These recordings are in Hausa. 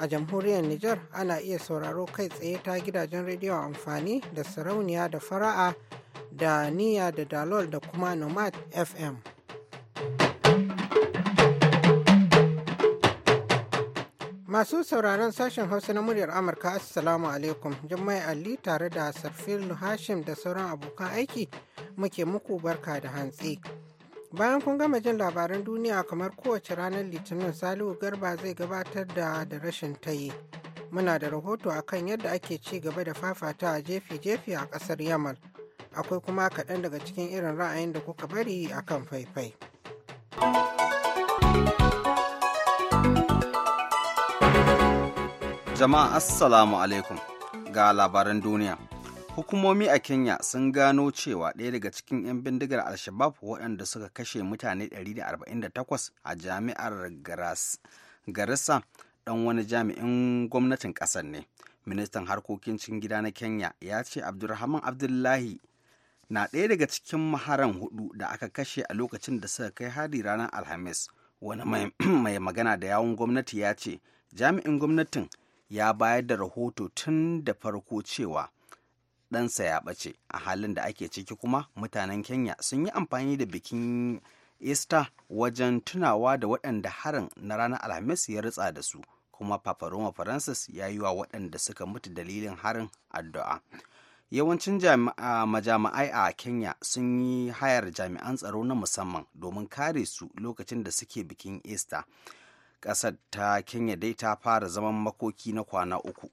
a jamhuriyar Nijar ana iya sauraro kai tsaye ta gidajen rediyo amfani da sarauniya da fara'a da niya da dalol da kuma nomad fm masu sauraron sashen hausa na muryar amurka assalamu alaikum jummai ali tare da sarfil hashim da sauran abokan aiki muke muku barka da hantsi Bayan kun gama jin labaran duniya kamar kowace ranar Litinin Salihu Garba zai gabatar da da rashin tayi. Muna da rahoto akan yadda ake ci gaba da fafata a jefi-jefi a ƙasar Yamal. Akwai kuma kaɗan daga cikin irin ra'ayin da kuka bari akan faifai. Jama'a Assalamu alaikum ga labaran duniya. hukumomi a kenya sun gano cewa ɗaya daga cikin 'yan bindigar al-shabab waɗanda suka kashe mutane 148 a jami'ar garissa ɗan wani jami'in gwamnatin ƙasar ne ministan harkokin cikin gida na kenya ya ce abdulrahman abdullahi na ɗaya daga cikin maharan hudu da aka kashe a lokacin da suka kai hari ranar alhamis wani mai magana da yawun gwamnati ya ce jami'in gwamnatin ya bayar da rahoto tun da farko cewa ɗansa ya ɓace a halin da ake ciki kuma mutanen kenya sun yi amfani da bikin easter wajen tunawa da waɗanda harin na ranar alhamis ya ritsa da su kuma roma francis ya yi wa waɗanda suka mutu dalilin harin addu'a yawancin majami'ai a kenya sun yi hayar jami'an tsaro na musamman domin kare su lokacin da suke bikin easter ƙasar ta kenya dai ta fara zaman makoki na kwana uku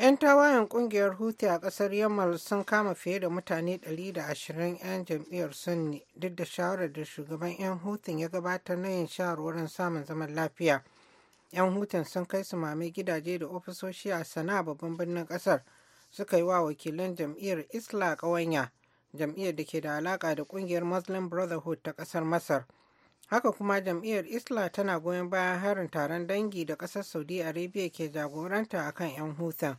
'Yan tawayen kungiyar Houthi a kasar Yamal sun kama fiye da mutane 120 'yan jam'iyyar Sunni duk da shawarar da shugaban 'yan hutun ya gabatar na yin shawarwarin samun zaman lafiya. 'Yan hutun sun kai su mame gidaje da ofisoshi a sana babban birnin kasar suka yi wa wakilan jam'iyyar Isla ƙawanya, jam'iyyar da ke da alaka da kungiyar Muslim Brotherhood ta kasar Masar. Haka kuma jam'iyyar Isla tana goyon bayan harin taron dangi da kasar Saudi Arabia ke jagoranta akan 'yan hutun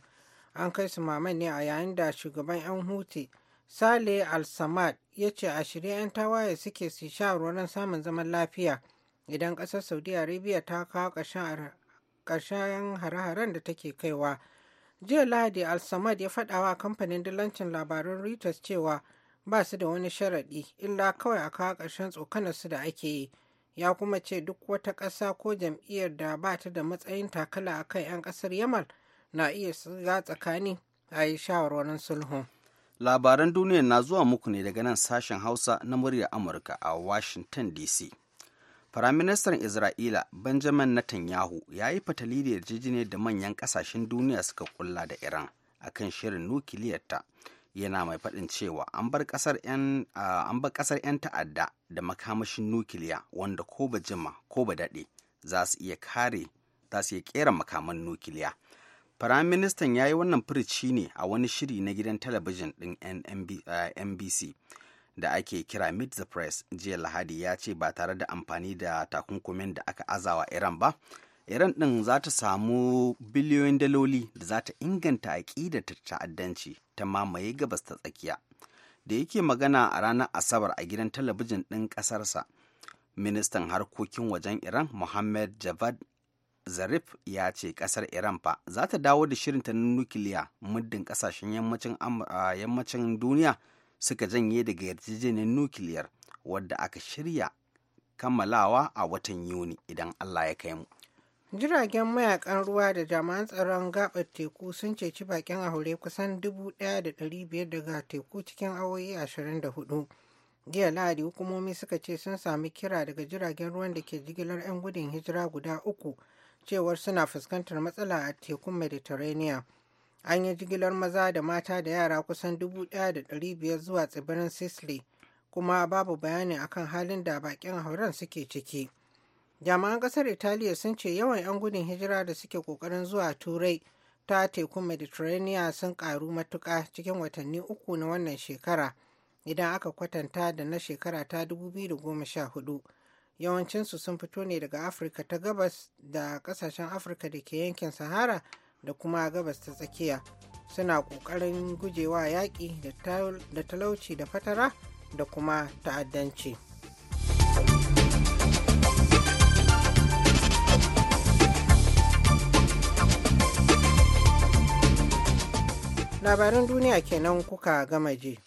an kai su maman ne a yayin da shugaban 'yan huti sale al-samad ya ce a shirye 'yan tawaye suke su shawarwarin samun zaman lafiya idan ƙasar saudi arabia ta kawo ƙarshen hare-haren da take kaiwa jiya lahadi al-samad ya faɗawa kamfanin dillancin labarun reuters cewa ba su da wani sharaɗi illa kawai a kawo ƙarshen tsokanar su da ake yi ya kuma ce duk wata ƙasa ko jam'iyyar da ba ta da matsayin takala a kan 'yan ƙasar yamal na iya za tsakani a yi shawarwarin sulhu. Labaran duniya na zuwa muku ne daga nan sashen Hausa na muryar Amurka a Washington DC. Firaministan Isra'ila Benjamin Netanyahu ya yi fatali da yarjejeniyar da manyan kasashen duniya suka kulla da Iran a kan shirin nukiliyarta yana mai faɗin cewa an bar ƙasar 'yan ta'adda da makamashin nukiliya wanda ko ba jima ko ba daɗe za su iya kare za su iya ƙera makaman nukiliya. Firaministan ya yi wannan furici ne a wani shiri na gidan talabijin ɗin NBC eh, da ake kira Meet the Press jiya Lahadi ya ce ba tare da amfani da takunkumin da aka azawa Iran ba, Iran ɗin za ta samu biliyoyin daloli da za ta inganta aƙidar ta'addanci ta mamaye gabas ta tsakiya. Da yake magana a ranar Asabar a gidan talabijin ɗin ƙasarsa, ministan harkokin wajen Iran Mohammed Javad zarif ya ce kasar iran fa za ta dawo da shirinta na nukiliya muddin kasashen yammacin duniya suka janye daga yarjejeniyar nukiliyar wadda aka shirya kammalawa a watan yuni idan allah ya kai mu jiragen mayakan ruwa da jami'an tsaron gabar teku sun ceci bakin aure kusan 1,500 daga teku cikin awoyi 24 jiya lahadi hukumomi suka ce sun sami kira daga jiragen ruwan da ke jigilar 'yan gudun hijira guda uku cewar suna fuskantar matsala a tekun mediterranean an yi jigilar maza da mata da yara kusan 1,500 zuwa tsibirin sicily kuma babu bayani akan halin da bakin hauren suke ciki jami'an kasar italiya sun ce yawan 'yan gudun hijira da suke kokarin zuwa turai ta tekun mediterranean sun karu matuka cikin watanni uku na wannan shekara idan aka kwatanta da na shekara ta 2014 yawancinsu sun fito ne daga afirka ta gabas da kasashen afirka da ke yankin sahara da kuma gabas ta tsakiya suna ƙoƙarin gujewa yaƙi da talauci da fatara da kuma ta'addanci Labarin duniya kenan kuka gama je.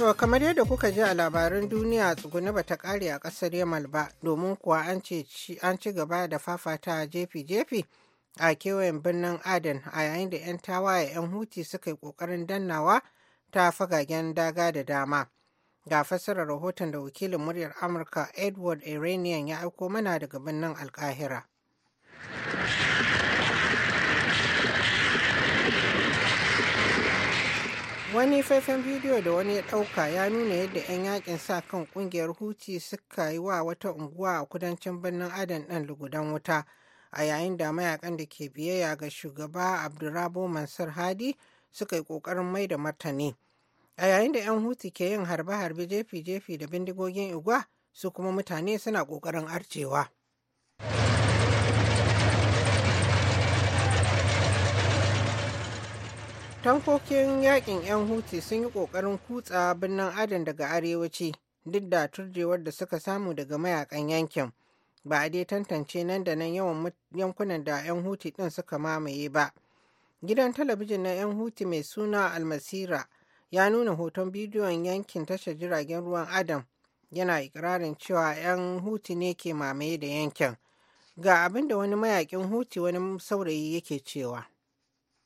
To kamar yadda kuka ji a labarin duniya tsuguni bata kare a kasar Yamal ba domin kuwa an ci gaba da fafata jefi-jefi a kewayen birnin Aden a yayin da 'yan tawaye 'yan huti suka yi kokarin dannawa ta fagagen daga da dama. Ga fassarar rahoton da wakilin muryar Amurka Edward Iranian ya aiko mana daga birnin Alkahira. wani faifan bidiyo da wani ya ɗauka ya nuna yadda 'yan yakin sa kan ƙungiyar huti suka yi wa wata unguwa a kudancin birnin adan ɗan lugudan wuta a yayin da mayakan da ke biyayya ga shugaba abdurrabo mansur hadi suka yi ƙoƙarin mai da martani a yayin da 'yan huti ke yin harbe-harbe jefi-jefi da bindigogin igwa su kuma mutane suna ƙoƙarin arcewa. tankokin yakin 'yan huti sun yi ƙoƙarin kutsa birnin adan daga arewaci duk da turjewar da suka samu daga mayakan yankin ba a dai tantance nan da nan yawan yankunan da 'yan huti ɗin suka mamaye ba gidan talabijin na 'yan huti mai suna almasira ya nuna hoton bidiyon yankin tashar jiragen ruwan adam yana ikirarin cewa 'yan huti ne ke mamaye da yankin ga abin da wani mayakin huti wani saurayi yake cewa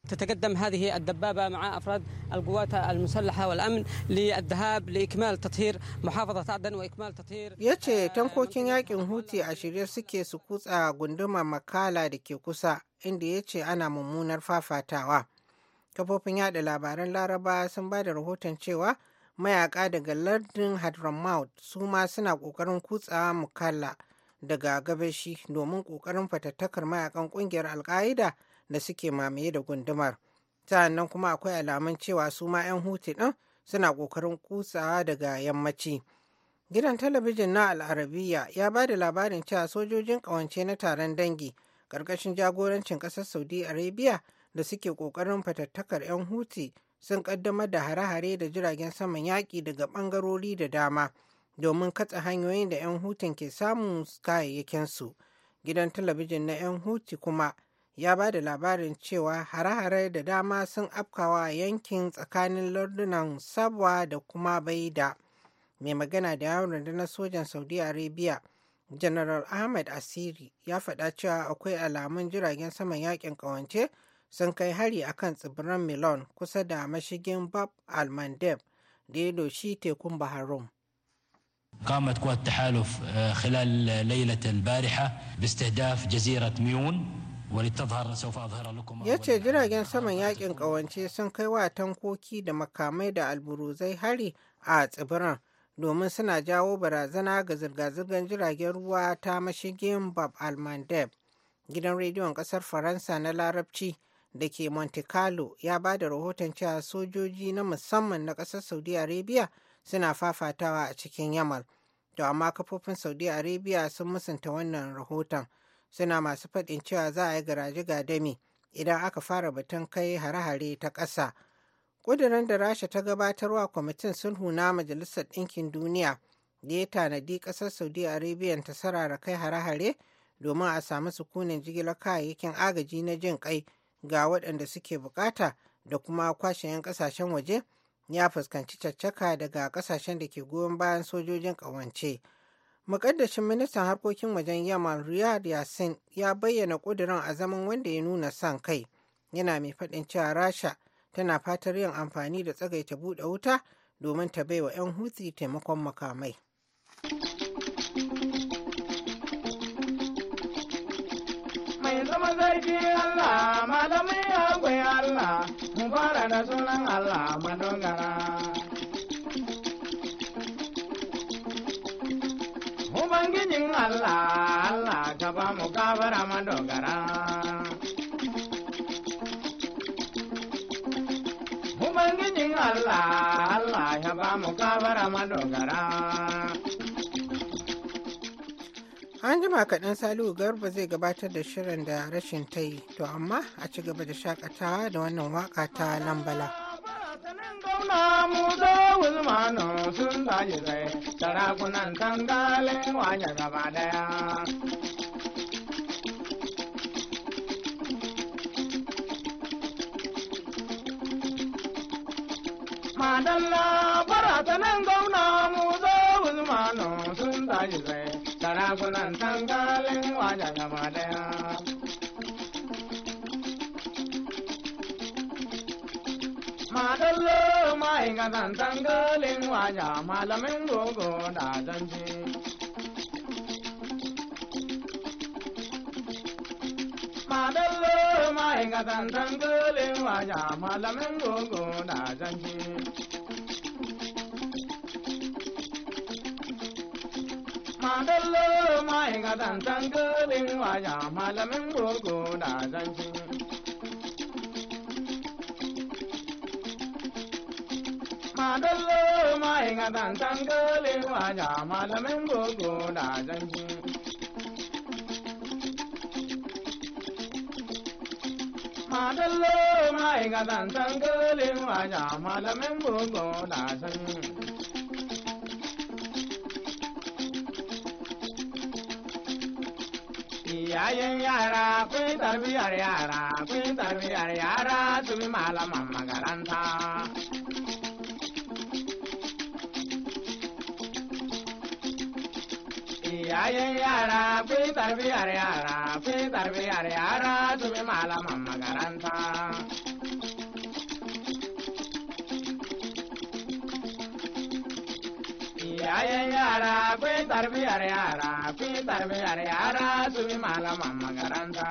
تتقدم هذه الدبابة مع أفراد القوات المسلحة والأمن للذهاب لإكمال تطهير محافظة عدن وإكمال تطهير yace tankokin yakin huti a shirye suke su kutsa gunduma makala da ke kusa inda ya ce ana mummunar fafatawa kafofin yaɗa labaran laraba sun ba da rahoton cewa mayaka daga lardin hadramaut su ma suna ƙoƙarin kutsawa mukalla daga gabashi domin ƙoƙarin fatattakar mayakan ƙungiyar alka'ida da suke mamaye da gundumar Ta nan kuma akwai alamun cewa su ma 'yan hutu ɗin suna ƙoƙarin kutsawa daga yammaci gidan talabijin na al'arabiya ya ba da labarin cewa sojojin ƙawance na taron dangi ƙarƙashin jagorancin ƙasar saudi arabia da suke ƙoƙarin fatattakar 'yan hutu sun ƙaddamar da hare-hare da jiragen saman yaƙi daga ɓangarori da dama domin katse hanyoyin da 'yan hutun ke samun kayayyakinsu gidan talabijin na 'yan huti kuma ya ba da labarin cewa hare-hare da dama sun afkawa yankin tsakanin lardunan sabwa da kuma baida mai magana da yawon rundunar sojan saudi arabia general ahmed asiri ya faɗa cewa akwai alamun jiragen saman yakin ƙawance sun kai hari a kan tsibiran milon kusa da mashigin bab almandeb da ya doshi tekun baharum قامت قوات التحالف خلال ليلة البارحة باستهداف جزيرة ميون ya ce jiragen saman yakin kawance sun kai wa tankoki da makamai da alburuzai hari a tsibiran domin suna jawo barazana ga zirga-zirgar jiragen ruwa ta mashigin bab almandeb gidan rediyon kasar faransa na larabci da ke monte carlo ya ba da rahoton cewa sojoji na musamman na kasar saudi arabia suna fafatawa a cikin yamal to amma kafofin saudi arabia sun musanta wannan rahoton. suna masu faɗin cewa za a yi garaje gadami idan aka fara batun kai hare-hare ta ƙasa ƙudurin da rasha ta gabatarwa kwamitin sulhu na majalisar ɗinkin duniya da ya tanadi ƙasar saudi arabia ta sarara kai hare-hare domin a samu sukunin jigilar kayayyakin agaji na jin kai ga waɗanda suke bukata da kuma kwashe 'yan ƙasashen waje ya fuskanci caccaka daga ƙasashen da ke goyon bayan sojojin ƙawance. Mukaddashin ministan harkokin wajen Yaman Riyad Yassin ya bayyana ƙudurin a zaman wanda ya nuna son kai. Yana mai faɗin cewa Rasha tana fatar yin amfani da tsagaita buɗe wuta domin ta baiwa 'yan hutsi taimakon makamai. Mai zama zargi Allah, malamai ya Allah, mu fara sunan Allah Sarkin Allah, Allah ka ba mu gabara madogara. Ubangijin Allah, Allah ya ba mu gabara madogara. An jima kaɗan Salihu Garba zai gabatar da shirin da rashin ta yi, to amma a ci gaba da shakatawa da wannan waka ta lambala. sarakuna mu dawul manan sun tashi sai sarakunan tangalin wanya gaba daya madalla barata nan zauna mu dawul manan sun tashi sai sarakunan tangalin wanya gaba daya ga dan tang ga ling wa ya malamin gogo da danje madallo mai ga dan tang ga ling wa ya malamin gogo da danje madallo mai ga dan tang ga ling wa ya malamin gogo da danje madallo mai ga tantan galin waja malamin boko da zanji madallo mai ga tantan galin waja malamin boko da zanji Iyayen yara kun tarbiyar yara kun tarbiyar yara su malaman makaranta. Bayan yara ku yi tarbiyar yara, fi yi tarbiyar yara su malaman makaranta. Yayan yara ku yi tarbiyar yara, ku yi tarbiyar yara su malaman makaranta.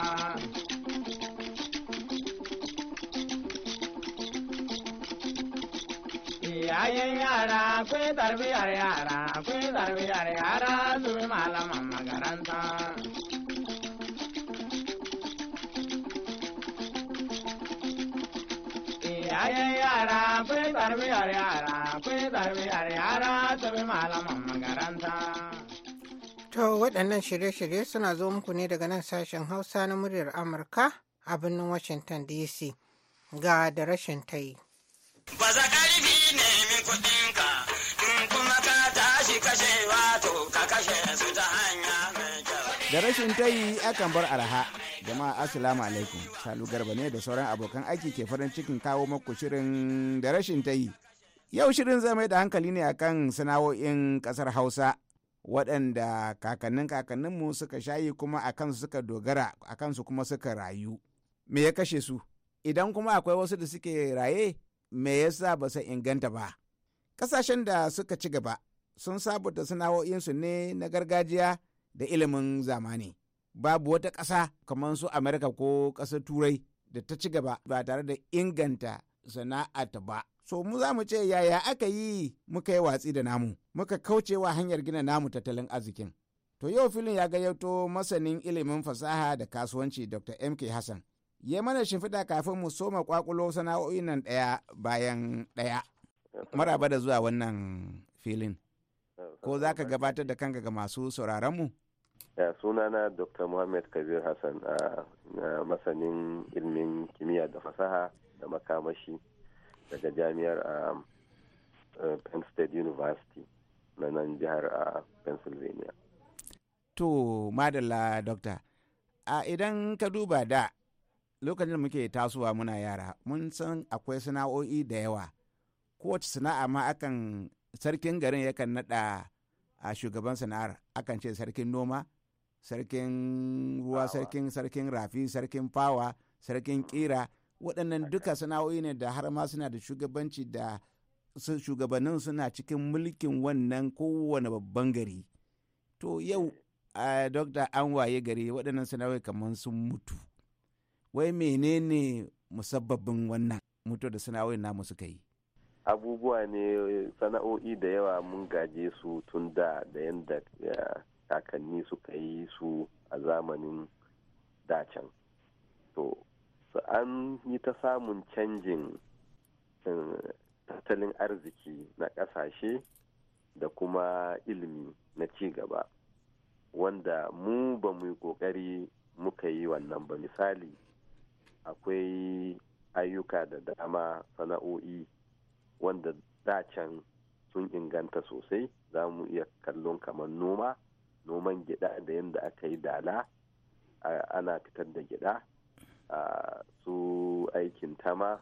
yayin yara ku tarbiyar yara ku tarbiyar yara su bi malaman makaranta. Yayin yara ku tarbiyar yara tarbiyar yara su bi malaman makaranta. To waɗannan shirye-shirye suna zo muku ne daga nan sashen Hausa na muryar Amurka a birnin Washington DC ga da rashin ta yi. nemi kuɗinka in kuma ka tashi kashe kashe su ta hanya mai Da rashin tayi akan bar araha. Jama'a Assalamu alaikum. Salu Garba ne da sauran abokan aiki ke farin cikin kawo maku shirin da rashin ta yi. Yau shirin zai mai da hankali ne akan sana'o'in kasar Hausa waɗanda kakannin kakanninmu suka shayi kuma a kansu suka dogara a kansu kuma suka rayu. Me ya kashe su? Idan kuma akwai wasu da suke raye me yasa ba su inganta ba kasashen da suka ci gaba sun sabunta sana'o'insu ne na gargajiya da ilimin zamani babu wata ƙasa kamar su amerika ko ƙasar turai da ta ci gaba ba tare da inganta sana'ata ba so mu za mu ce yaya aka yi muka yi watsi da namu muka kauce wa hanyar gina namu tattalin arzikin to yau filin ya gayyato masanin ilimin fasaha da kasuwanci dr mk hassan ya mana shimfiɗa kafin mu soma kwakulo sana'o'in nan ɗaya bayan ɗaya maraba da zuwa wannan filin ko za ka gabatar da kanka ga masu sauraron mu. sunana dr muhammad kabir hassan a masanin ilmin kimiyya da fasaha da makamashi daga jami'ar penn state university na nan jihar pennsylvania to madalla dokta a idan ka duba da lokacin da muke tasowa muna yara mun san akwai sana'o'i da yawa kowace sana'a ma akan sarkin garin yakan naɗa a shugaban sana'ar akan ce sarkin noma sarkin ruwa sarkin sarkin rafi sarkin fawa sarkin kira waɗannan duka sana'o'i ne da har ma suna da shugabanci da shugabannin suna cikin mulkin wannan kowane babban gari to yau a dokta an gari waɗannan sana'o'i kamar sun mutu wai menene musabbabin wannan mutu da sana'o'in namu suka yi abubuwa ne sana'o'i da yawa mun gaje su tun da da yadda kakanni suka yi su a zamanin dacan to su an yi ta samun canjin eh, tattalin arziki na ƙasashe da kuma ilimi na ci gaba wanda mu ba mu yi ƙoƙari muka yi wannan ba misali akwai ayyuka da dama sana'o'i wanda dacen sun inganta sosai za mu iya kallon kamar noma noman gida da yadda aka yi dala ana fitar da gida su aikin tama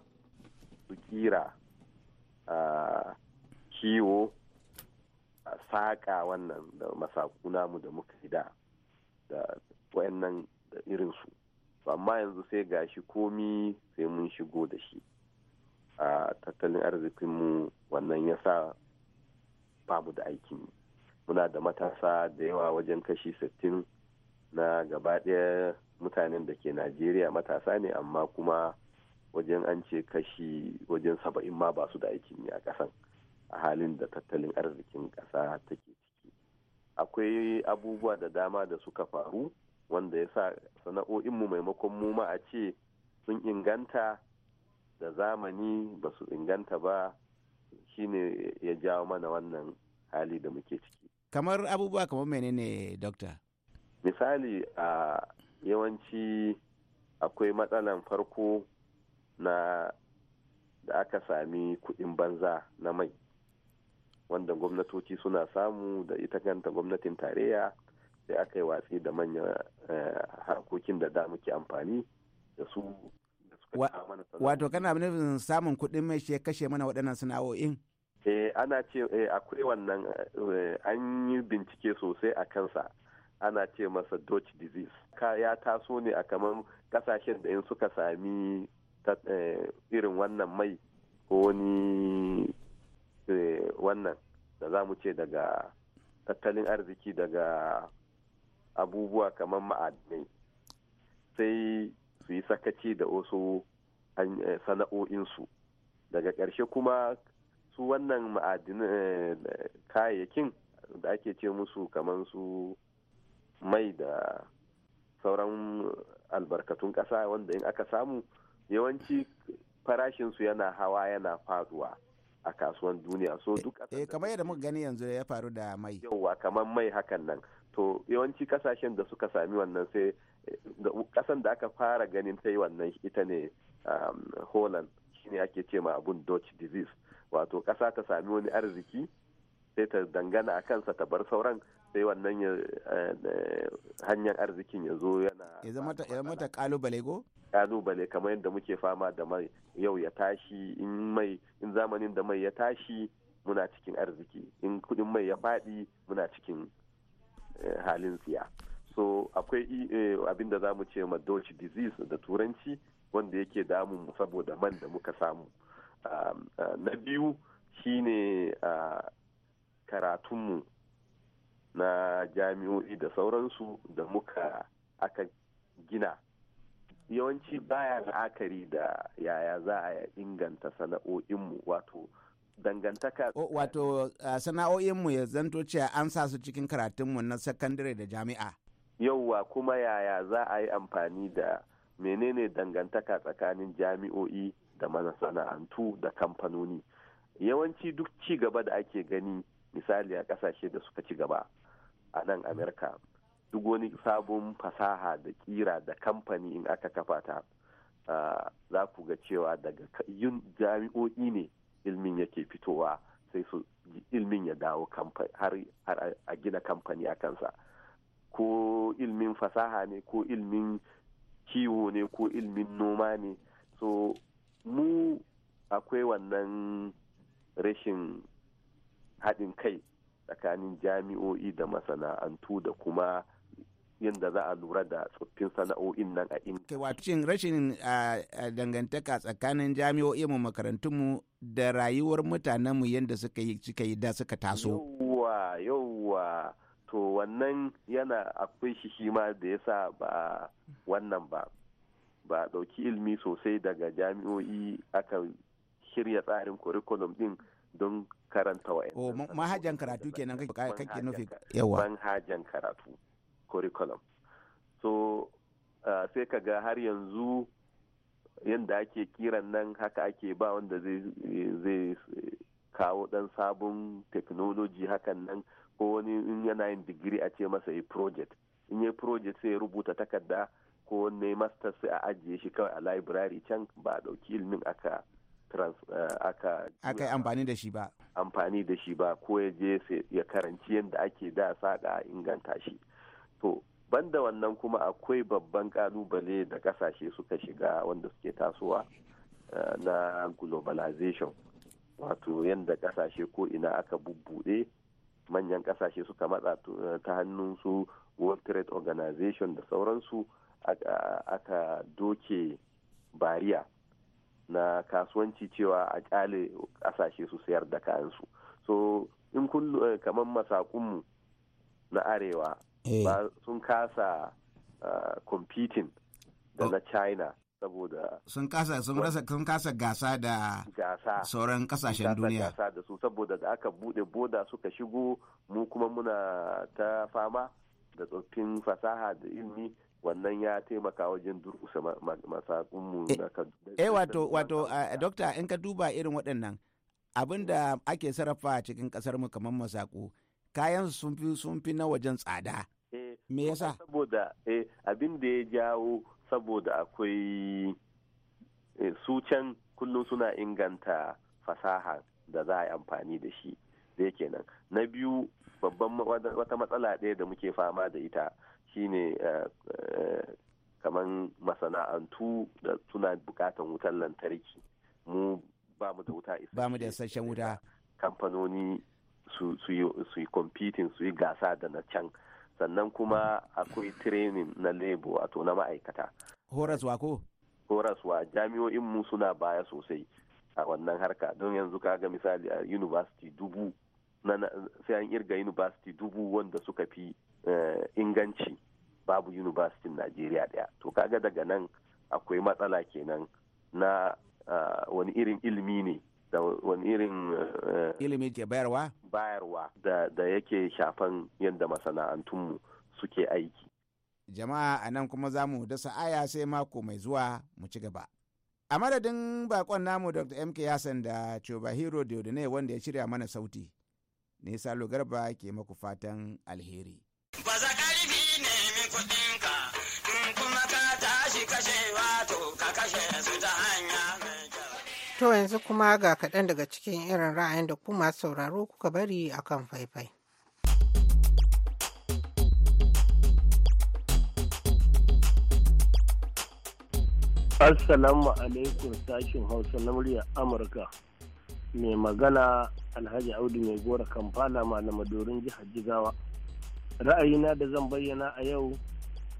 su kira kiwo saƙa wannan da masakuna mu da muka yi da irin su. amma yanzu sai gashi komi sai mun shigo da shi a tattalin arzikinmu wannan ya sa bamu da aikin muna da matasa da yawa wajen kashi 60 na gaba ɗaya mutanen da ke najeriya matasa ne amma kuma wajen an ce kashi wajen saba'in ma ba su da aikin yi a ƙasan a halin da tattalin arzikin ƙasa take ciki akwai abubuwa da dama da suka faru wanda ya sa sana'o'inmu maimakon mu ma a ce sun inganta da zamani ba su inganta ba shine ya jawo mana wannan hali da muke ciki kamar abubuwa kamar menene dokta misali a yawanci akwai matsalan farko na da aka sami kuɗin banza na mai wanda gwamnatoci suna samu da ita kanta gwamnatin tarayya sai aka yi watsi da manyan eh, harkokin da da muke amfani da su wato kana nufin samun kuɗin mai shi kashe mana waɗannan sana'o'in eh ana ce eh, akwai wannan eh, an yi bincike sosai a kansa ana ce masa dutch disease ka ya taso ne a kamar kasashen da in suka sami irin wannan mai ko wani wannan da za mu ce daga tattalin arziki daga abubuwa kamar ma'adinai sai su yi sakaci da wasu eh, sana'o'insu daga ƙarshe kuma su wannan ma'adinan eh, kayayyakin da ake ce musu kamar su mai da sauran albarkatun ƙasa wanda in aka samu yawanci farashinsu yana hawa yana faduwa a kasuwan duniya so duk e kamar yadda muka gani yanzu ya faru da mai yawa kamar mai hakan nan to yawanci kasashen da suka sami wannan sai kasan eh, da aka fara ganin ta yi wannan ita ne um, holland shine ake ce ma abun dutch disease wato kasa ta sami wani arziki sai ta dangana a kansa ta bar sauran sai wannan eh, hanyar arzikin ya zo yana ya zama ta kalubale go kalubale kamar yadda muke fama da mai yau ya tashi in mai in zamanin da mai ya tashi muna cikin arziki in kudin mai ya faɗi muna cikin eh, halin tsiya so akwai eh, abin da za mu ce ma doci disease da turanci wanda yake damun saboda man da muka samu um, eh, na biyu shine karatunmu na jami'o'i da sauransu da muka aka gina yawanci baya la'akari da yaya za a inganta sana'o'inmu wato dangantaka wato sana'o'inmu ya zanto cewa an sa su cikin karatunmu na sakandare da jami'a yauwa kuma yaya za a yi amfani da menene dangantaka tsakanin jami'o'i da masana'antu da kamfanoni yawanci duk ci gaba da ake gani misali a kasashe da suka ci gaba a nan amerika duk wani sabon fasaha da kira da kamfani in aka kafa ta za ku ga cewa daga yin jami'o'i ne ilmin yake fitowa sai su ilmin ya dawo har a gina kamfani a kansa ko ilmin fasaha ne ko ilmin kiwo ne ko ilmin noma ne so mu akwai wannan rashin haɗin kai tsakanin jami'o'i da masana'antu da kuma yadda za a lura da tsoffin sana'o'in nan a inda. Wacin rashin dangantaka tsakanin jami'o'i mu makarantunmu da rayuwar mutanenmu yadda suka yi cika yi da suka taso. Yawwa yawwa to wannan yana akwai shi shi ma da yasa ba wannan ba ba ɗauki ilimi sosai daga jami'o'i aka shirya tsarin curriculum din don karanta wa'yan. Oh, mahajan karatu kenan kake nufi yawa. Manhajan karatu. curriculum so uh, sai ka ga har yanzu yadda ake kiran nan haka ake ba wanda zai kawo dan sabon technology hakan nan ko wani in yana yin digiri a ce masa yi project in yi project sai ya rubuta takarda ko wanne master sai a ajiye shi kawai a library can ba a ɗauki ilimin aka trans uh, aka aka amfani da shi ba amfani da shi ba ko ya je ya karanci yadda ake da saƙa inganta shi to banda wannan kuma akwai babban kalubale da kasashe suka shiga wanda suke tasowa eh, na globalization wato yadda kasashe ko ina aka bubbuɗe manyan kasashe suka matsa eh, ta hannun su world trade organization da sauransu aka doke bariya na kasuwanci cewa a kyale kasashe su sayar da kayansu so in kun eh, kamar masakunmu na arewa Eh. ba sun kasa ah, competing da na china saboda sun kasa sun rasa sun kasa gasa da gasa sauran kasashen duniya gasa da su saboda da aka bude boda suka shigo mu kuma muna ta fama da tsoffin fasaha da ilmi wannan ya taimaka wajen durkusa masakunmu na eh, eh wato wato ah, dokta in ka duba irin waɗannan abinda da ake sarrafa cikin kasar mu kamar masako kayan sun fi sun fi na wajen tsada eh, me yasa saboda eh, abin da ya jawo saboda akwai eh, su can kullum suna inganta fasaha da za a yi amfani da shi da kenan na biyu babban wata matsala ɗaya da muke fama da ita shine kaman masana'antu da suna bukatan wutar lantarki mu ba mu da wuta isa. ba mu da isasshen wuta kamfanoni su yi competing su yi gasa da na can sannan kuma akwai training na lebo wato na ma'aikata horaswa ko horaswa jami'o'in mu suna baya sosai a wannan harka don yanzu kaga misali a university dubu sai an irga university dubu wanda suka fi eh, inganci babu university najeriya daya to kaga daga nan akwai matsala kenan na ah, wani irin ilimi ne da wani irin eh, ilimi ke bayarwa bayarwa da yake shafan yadda masana'antunmu suke aiki jama'a a nan kuma za mu dasa aya sai mako mai zuwa mu ci gaba a madadin bakon namu dr mk yasan da chobahiro diodone wanda ya shirya mana sauti ne salo garba ke maku fatan alheri ba za ne min kuɗinka kuma ka tashi kashewa To yanzu kuma ga kaɗan daga cikin irin ra'ayin da kuma sauraro kuka bari a kan faifai. Assalamu alaikum sashin Hausa na muryar Amurka. Mai magana Alhaji Audu mai gora kamfana malama dorin jihar Jigawa. Ra'ayina da zan bayyana a yau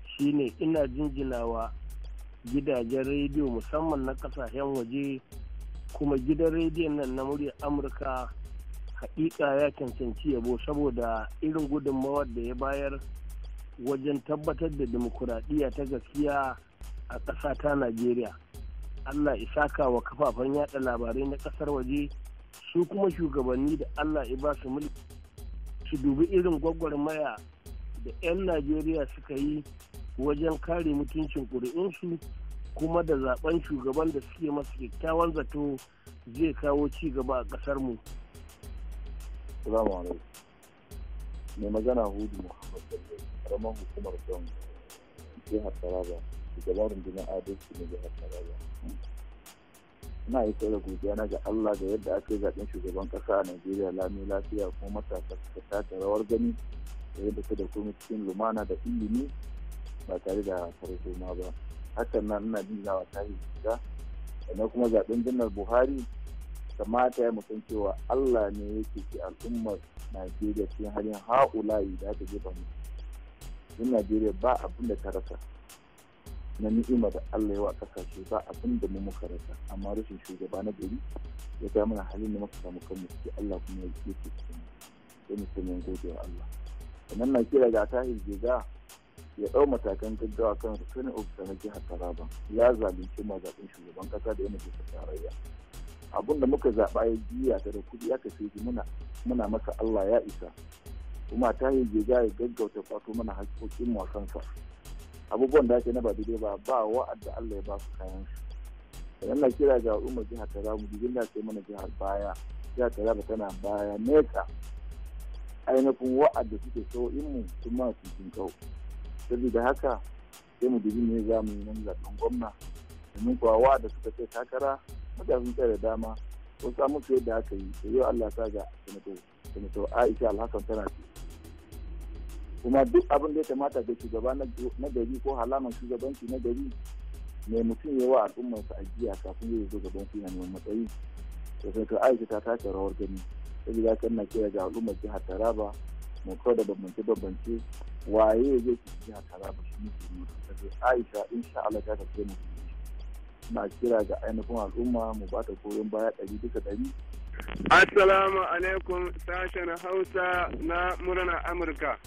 shine ina jinjinawa gidajen rediyo musamman na kasashen waje kuma gidan rediyon nan na muryar amurka hakika ya cancanci yabo saboda irin gudunmawar da ya bayar wajen tabbatar da dimokuraɗiyya ta gaskiya a ƙasa ta najeriya allah isaka wa kafafen yada labarai na ƙasar waje su kuma shugabanni da allah ya ba su mulki su dubi irin gwagwarmaya da 'yan najeriya suka yi wajen kare mutuncin ƙuri'unsu kuma da zaben shugaban da suke masu kyakkyawan zato zai kawo ci gaba a ƙasar mu. Mai magana Hudu Muhammad Bello, hukumar Don, jihar Taraba, shugaban rundunar adalci na jihar Taraba. Ina yi da godiya na ga Allah da yadda ake yi zaɓen shugaban ƙasa a Najeriya lami lafiya kuma matasa suka taka rawar gani da yadda ta da kuma cikin lumana da ilimi ba tare da farko ma ba. hakan nan na nuna wa tarihi shiga sannan kuma zaɓen janar buhari kamata ya mutum cewa allah ne yake ke al'ummar najeriya cikin halin ha'ulayi da aka jefa mu in najeriya ba abin da ta rasa na ni'ima da allah yawa kasashe ba abin da mu muka rasa amma rashin shugaba na gari ya kai mana halin da muka samu kanmu ciki allah kuma ya ke cikin sai mutum ya gode wa allah sannan na kira ga tahir jega ya ɗau matakan gaggawa kan rukunin ofisa na jihar taraba ya zalunci mazaɓin shugaban ƙasa da yanayi ta tarayya abin da muka zaɓa ya biya ta da kuɗi aka sai muna muna masa allah ya isa kuma ta yi jega ya gaggauta fato mana wasan sa. abubuwan da ake na ba daidai ba ba wa'adda allah ya ba su kayan su idan na kira ga al'ummar jihar taraba jirgin da sai mana jihar baya jihar taraba tana baya nesa ainihin wa'adda suke so in mu sun ma su kau saboda haka sai mu dubi ne za mu yi nan zaɓen gwamna domin kuwa wa da suka ce takara mutane sun da dama ko samu fiye da aka yi da yau Allah ta ga sanato Aisha Alhassan tana ce kuma duk abin da ya kamata da shugaba na gari ko halaman shugabanci na gari ne mutum yawa al'ummarsa a ajiya kafin ya zo gaban su yana matsayi to sai Aisha ta tace rawar gani saboda kan na kira ga al'ummar jihar Taraba mu kawo da bambance bambance waye zai ci jiha kaza ba shi da daga aisha insha Allah ta tafi mu na kira ga ainihin al'umma mu ba ta goyon baya ɗari duka ɗari Assalamu alaikum sashen Hausa na murna Amurka.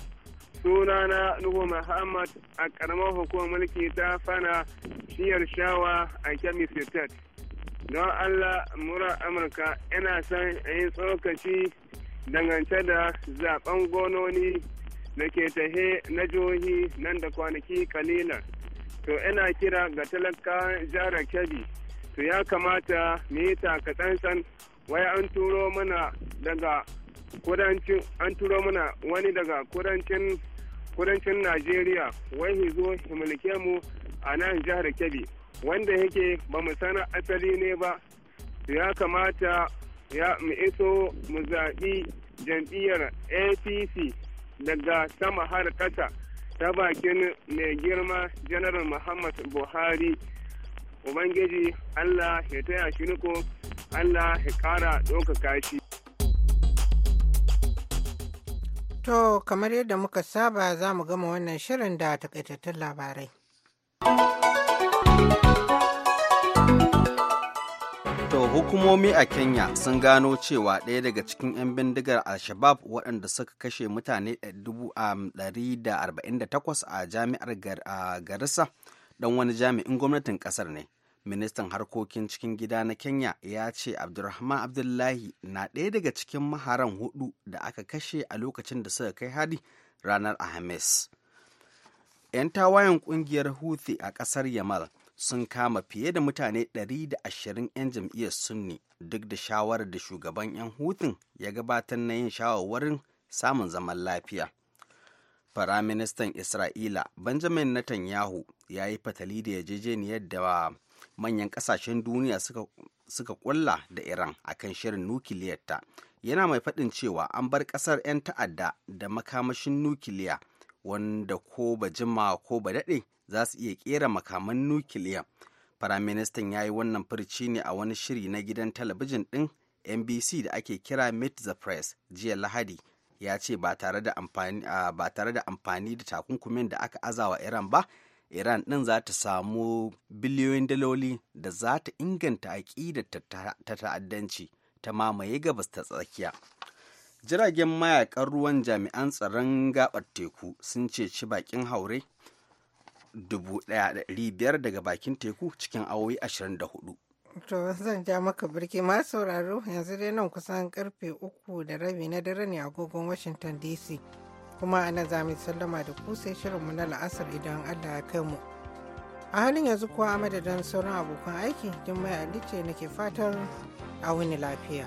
Sunana Nuhu Muhammad a ƙaramar hukumar mulki ta fana shiyar shawa a Kebbi State. Don Allah mura Amurka ina son yi tsokaci dangance da zaben gononi da ke tahe na jihohi nan da kwanaki kalilan to ina kira ga talaka jihar kebbi to ya kamata mu yi takatsantsan wai an turo mana daga kudancin an turo mana wani daga kudancin kudancin najeriya wai hizo mulke mu a nan jihar kebbi wanda yake ba mu sana asali ne ba to ya kamata ya mu iso mu zaɓi jam'iyyar apc daga sama har kasa ta bakin mai girma janar muhammad buhari ubangiji allah ya taya shi niko allah ya ƙara ɗaukaka shi to kamar yadda muka saba za mu gama wannan shirin da takaitattun labarai Hukumomi a Kenya sun gano cewa ɗaya daga cikin 'yan bindigar Al-Shabab waɗanda suka kashe mutane 148 um, a jami'ar Garissa ɗan wani jami'in gwamnatin ƙasar ne. Ministan harkokin cikin gida na Kenya ya ce Abdulrahman Abdullahi na ɗaya daga cikin maharan hudu da aka kashe a lokacin da suka kai hari ranar Ahmes. 'Yan tawayen ƙungiyar Houthi a ƙasar Yamal sun kama fiye da mutane 120 'yan jam'iyyar sunni duk da shawarar da shugaban 'yan hutun ya gabatar na yin shawarwarin samun zaman lafiya. Firaministan Isra'ila Benjamin Netanyahu ya yi fatali da yarjejeniyar da manyan kasashen duniya suka, kulla da Iran a kan shirin nukiliyarta. Yana mai faɗin cewa an bar ƙasar 'yan ta'adda da makamashin nukiliya wanda ko ba jima ko ba daɗe za su iya kera makaman nukiliya firaministan ya yi wannan furci ne a wani shiri na gidan talabijin ɗin nbc da ake kira meet the press jiya lahadi ya ce ba tare da amfani da takunkumin da aka azawa iran ba iran ɗin za ta samu biliyoyin daloli da za ta inganta aƙida ta ta'addanci ta mamaye gabas ta tsakiya jiragen mayakan ruwan jami'an tsaron gabar teku sun ce ci bakin haure 1,500 daga bakin teku cikin awowi 24. To zan ja maka birki ma sauraro yanzu dai nan kusan karfe uku da rabi na dare ne agogon Washington DC. Kuma ana za mu sallama da ku sai shirinmu na la'asar idan Allah ya kai mu. A halin yanzu kuwa a madadin sauran abokan aiki, Jummai Ali ce nake fatan a wani lafiya.